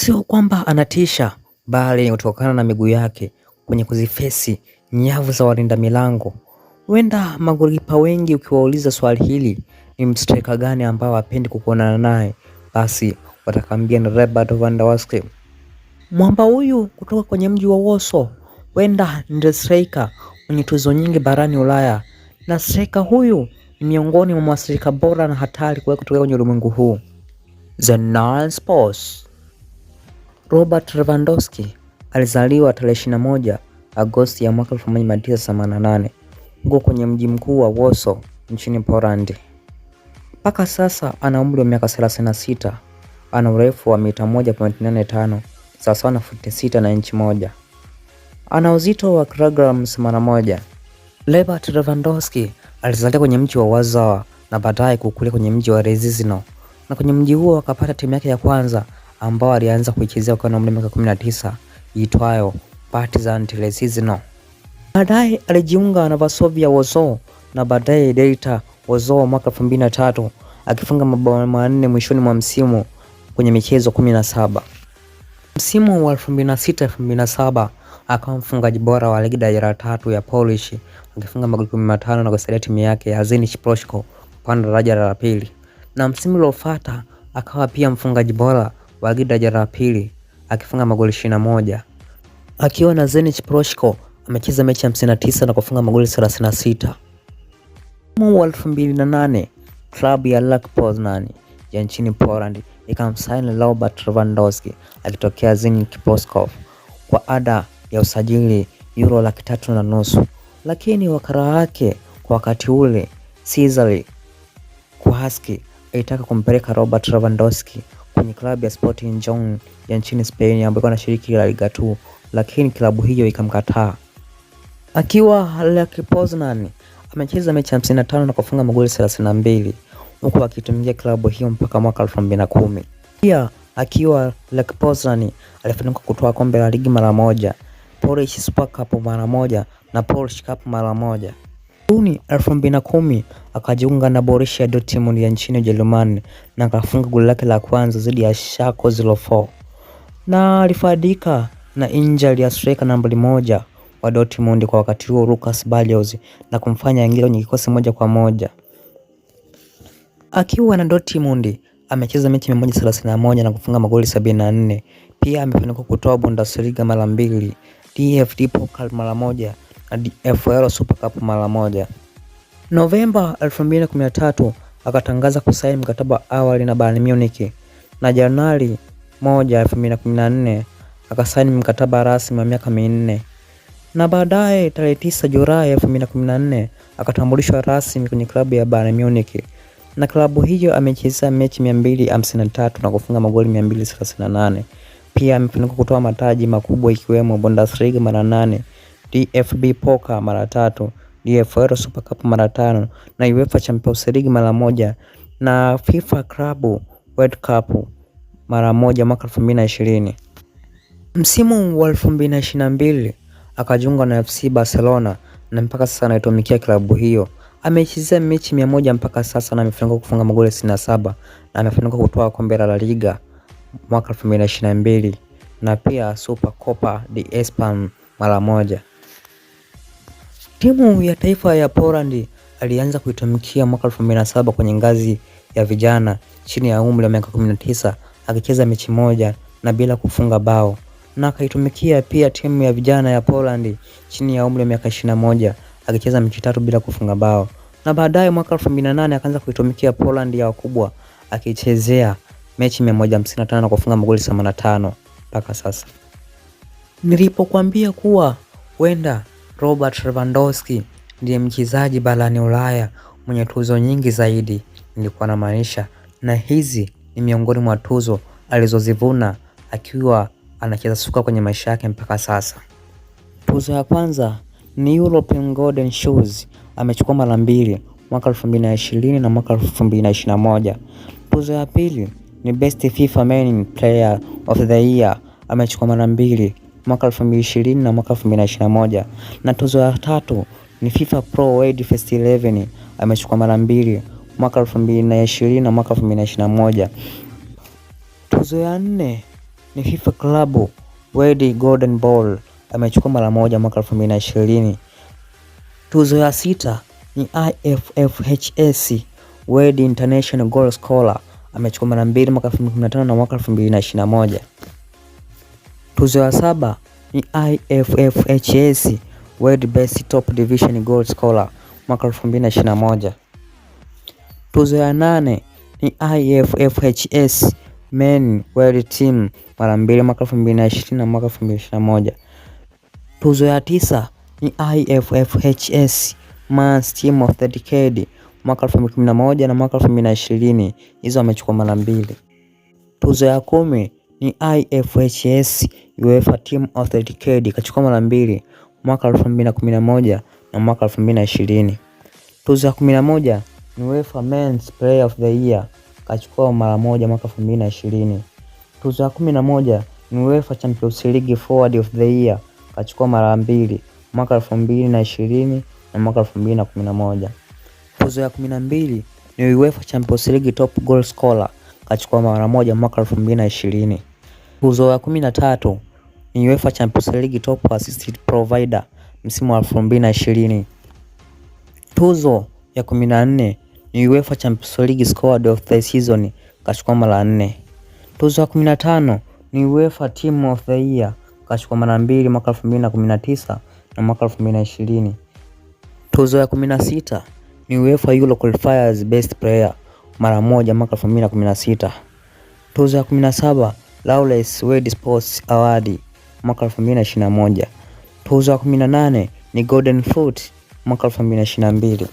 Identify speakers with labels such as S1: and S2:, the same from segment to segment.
S1: sio kwamba anatisha, bali ni kutokana na miguu yake kwenye kuzifesi nyavu za walinda milango. Huenda magolikipa wengi ukiwauliza swali hili, ni mstreka gani ambao hapendi kukuonana naye, basi watakwambia ni Robert Lewandowski. Mwamba huyu kutoka kwenye mji wa Woso huenda ndiye streka mwenye tuzo nyingi barani Ulaya, na streka huyu ni miongoni mwa wastreka bora na hatari kuwahi kutokea kwenye ulimwengu huu.
S2: The Nine Sports. Robert Lewandowski alizaliwa tarehe 21 Agosti ya mwaka 1988 huko kwenye mji mkuu wa Warsaw nchini Poland. Mpaka sasa ana umri wa miaka 36, ana urefu wa mita 1.85 sawasawa na futi 6 na inchi moja. Ana uzito wa kilogramu 81. Robert Lewandowski alizaliwa kwenye mji wa Warsaw na baadaye kukulia kwenye mji wa Rezizno na kwenye mji huo akapata timu yake ya kwanza ambao alianza kuichezea akiwa na umri wa miaka 19 iitwayo Partizan Televizion. Baadaye alijiunga na Vasovia Wozo na baadaye Delta Wozo mwaka 2003 akifunga mabao manne mwishoni mwa msimu kwenye michezo 17. Msimu wa 2006-2007 akawa mfungaji bora wa ligi daraja la tatu ya Polish akifunga magoli 15 na kusaidia timu yake ya Zenit Ploshko kupanda daraja la pili, na msimu uliofuata akawa pia mfungaji bora wa Gita daraja la pili akifunga magoli 21 akiwa na Zenit Proshko amecheza mechi 59 na kufunga magoli 36. Mwaka wa 2008 klabu ya Lech Poznan ya nchini Poland ikamsaini Robert Lewandowski akitokea Zenit Pskov kwa ada ya usajili euro laki tatu na nusu, lakini wakara wake kwa wakati ule Cezary Kuhaski alitaka kumpeleka Robert Lewandowski kwenye klabu ya Sporting Gijon ya nchini Spain ambayo anashiriki La Liga 2 lakini klabu hiyo ikamkataa. Akiwa Lech Poznan amecheza mechi 55 na kufunga magoli 32 huku akitumikia klabu hiyo mpaka mwaka 2010. Pia akiwa Lech Poznan alifanikiwa kutoa kombe la ligi mara moja, Polish Super Cup mara moja na Polish Cup mara moja. Juni 2010 akajiunga na Borussia Dortmund ya nchini Ujerumani na akafunga goli lake la kwanza dhidi ya Schalke 04 na alifaidika na injury ya striker nambari moja wa Dortmund kwa wakati huo Lucas Barrios na kumfanya aingie kwenye kikosi moja kwa moja. Akiwa na Dortmund amecheza mechi 131 na kufunga magoli 74. Pia amefanikiwa kutoa Bundesliga mara mbili, DFB Pokal mara moja hadi FL Super Cup mara moja. Novemba 2013 akatangaza kusaini mkataba awali na Bayern Munich na Januari 1, 2014 akasaini mkataba rasmi wa miaka minne na baadaye tarehe 9 Julai 2014 akatambulishwa rasmi kwenye klabu ya Bayern Munich na klabu hiyo amecheza mechi 253 na kufunga magoli 238. Pia amefanikiwa kutoa mataji makubwa ikiwemo Bundesliga mara nane DFB Poker mara tatu, DFL Super Cup mara tano na UEFA Champions League mara moja na FIFA Club World Cup mara moja mwaka 2020. Msimu wa 2022 akajiunga na FC Barcelona na mpaka sasa anaitumikia klabu hiyo. Amechezea mechi mia moja mpaka sasa na amefanikiwa kufunga magoli 67 na amefanikiwa kutoa kombe la La Liga mwaka 2022 na pia Super Copa de Espan mara moja. Timu ya taifa ya Poland alianza kuitumikia mwaka 2007 kwenye ngazi ya vijana chini ya umri wa miaka 19 akicheza mechi moja na bila kufunga bao, na akaitumikia pia timu ya vijana ya Poland chini ya umri wa miaka 21 akicheza mechi tatu bila kufunga bao, na baadaye mwaka 2008 akaanza kuitumikia Poland ya wakubwa akichezea mechi 155 na kufunga magoli 85 mpaka sasa. Nilipokuambia kuwa wenda Robert Lewandowski ndiye mchezaji barani Ulaya mwenye tuzo nyingi zaidi, nilikuwa na maanisha, na hizi ni miongoni mwa tuzo alizozivuna akiwa anacheza soka kwenye maisha yake mpaka sasa.
S3: Tuzo ya kwanza ni European Golden Shoes, amechukua mara mbili mwaka 2020 na mwaka 2021. Tuzo ya pili ni Best FIFA Men Player of the Year, amechukua mara mbili mwaka 2020 na mwaka 2021. Na tuzo ya tatu ni FIFA Pro World Fest 11 amechukua mara mbili mwaka 2020 na mwaka 2021. Tuzo ya nne ni FIFA Club World Golden Ball amechukua mara moja mwaka 2020. Tuzo ya sita ni IFFHS World International Goal Scorer amechukua mara mbili mwaka 2015 na mwaka 2021. Tuzo ya saba ni IFFHS World Best Top Division Gold Scholar mwaka 2021. Tuzo ya nane ni IFFHS Men World Team mara mbili mwaka 2020 na mwaka 2021. Tuzo ya tisa ni IFFHS Men's Team of the Decade mwaka 2011 na mwaka 2020. Hizo amechukua mara mbili. Tuzo ya kumi ni IFHS UEFA Team of the Decade, ikachukua mara mbili mwaka 2011 na mwaka 2020. Tuzo ya 11 ni UEFA Men's Player of the Year kachukua mara moja mwaka 2020. Tuzo ya 11 ni UEFA Champions League Forward of the Year kachukua mara mbili mwaka 2020 na mwaka 2011. Tuzo ya 12 ni UEFA Champions League Top Goal Scorer kachukua mara moja mwaka 2020. Tuzo ya kumi na tatu ni UEFA Champions League Top Assist Provider msimu wa 2020. Tuzo ya 14 ni UEFA Champions League Squad of the Season kachukua mara nne. Tuzo ya 15 ni UEFA Team of the Year kachukua mara mbili mwaka 2019 na mwaka 2020. Tuzo ya 16 ni UEFA Euro Qualifiers Best Player mara moja mwaka 2016. Tuzo ya 17 Lawless World Sports Award mwaka 2021. Tuzo ya 18 ni Golden Foot mwaka 2022.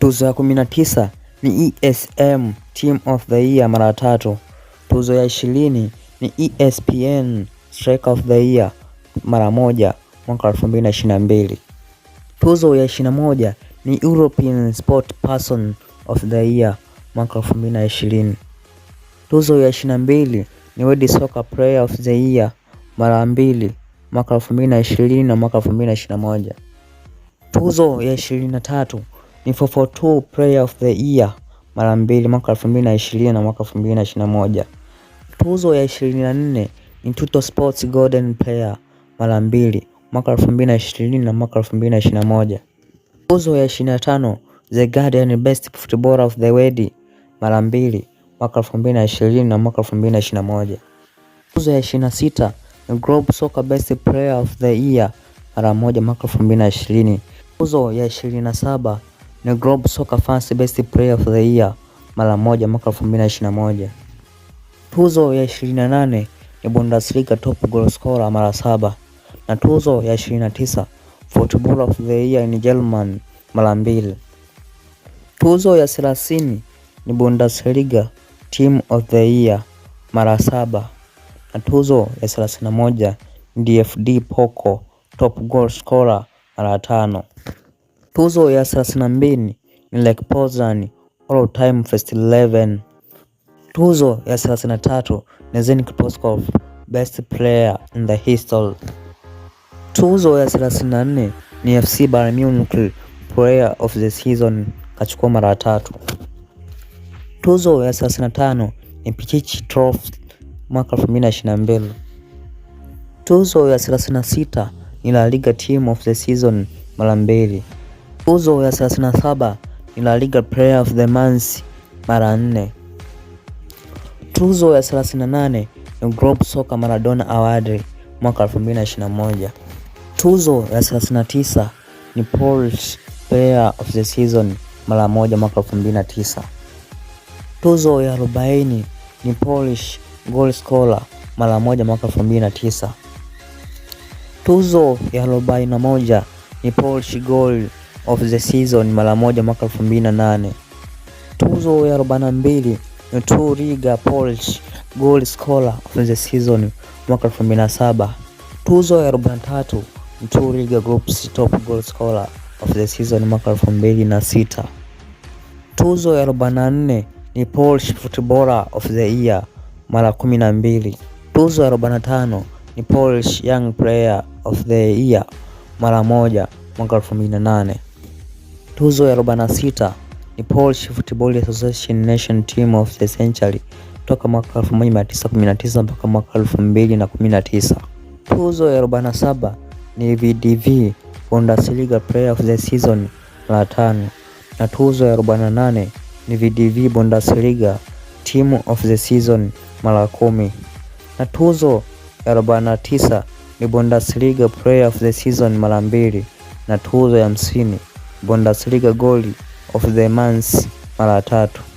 S3: Tuzo ya 19 ni ESM Team of the Year mara tatu. Tuzo ya 20 ni ESPN Striker of the Year mara moja mwaka 2022. Tuzo ya 21 ni European Sport Person of the Year mwaka 2020. Tuzo ya 22 ni World Soccer Player of the Year mara mbili mwaka 2020 na mwaka 2021. Tuzo ya 23 ni 442 Player of the Year mara mbili mwaka 2020 na mwaka 2021. Tuzo ya 24 ni Tuto Sports Golden Player mara mbili mwaka 2020 na mwaka 2021. Tuzo ya 25 The Guardian Best Footballer of the World mara mbili mwaka 2020 na mwaka 2021. Tuzo ya 26 Globe Soccer Best Player of the Year mara moja mwaka 2020. Tuzo ya 27 ni Globe Soccer Fans Best Player of the Year mara moja mwaka 2021. Tuzo ya 28 ni Bundesliga Top Goal Scorer mara saba na tuzo ya 29 Football of the Year in German mara mbili. Tuzo ya 30 ni Bundesliga Team of the Year mara saba na tuzo ya 31 DFD Poco Top Goal Scorer mara tano. Tuzo ya 32 ni Lech Poznan All Time First 11. Tuzo ya 33 ni Zenit Proskov Best Player in the History. Tuzo ya 34 ni FC Bayern Munich Player of the Season kachukua mara tatu. Tuzo ya 35 ni Pichichi Trophy mwaka 2022. Tuzo ya 36 ni La Liga Team of the Season mara mbili. Tuzo ya 37 ni La Liga Player of the Month mara nne. Tuzo ya 38 ni Globe Soccer Maradona Award mwaka 2021. Tuzo ya 39 ni Polish Player of the Season mara moja mwaka 2009. Tuzo ya 40 ni Polish Goal Scorer mara moja mwaka 2009. Tuzo ya 41 ni Polish Goal of the Season mara moja mwaka 2008. Tuzo ya 42 ni Two Liga Polish Goal Scorer of the Season mwaka 2007. Tuzo ya 43 ni Two Liga Group's Top Goal Scorer of the Season mwaka 2006. Tuzo ya 44 ni Polish Fruit Bora of the Year mara 12. Tuzo ya 45 ni Polish Young Player of the Year mara moja mwaka 2008. Tuzo ya 46 ni Polish Football Association Nation Team of the Century toka mwaka 1919 mpaka mwaka 2019. Tuzo ya 47 ni VDV Bundesliga Player of the Season mara tano na tuzo ya 48 ni VDV Bundesliga Team of the Season mara kumi na tuzo ya 49 ni Bundesliga Player of the Season mara mbili na tuzo ya 50 Bundesliga Goal of the Month mara tatu.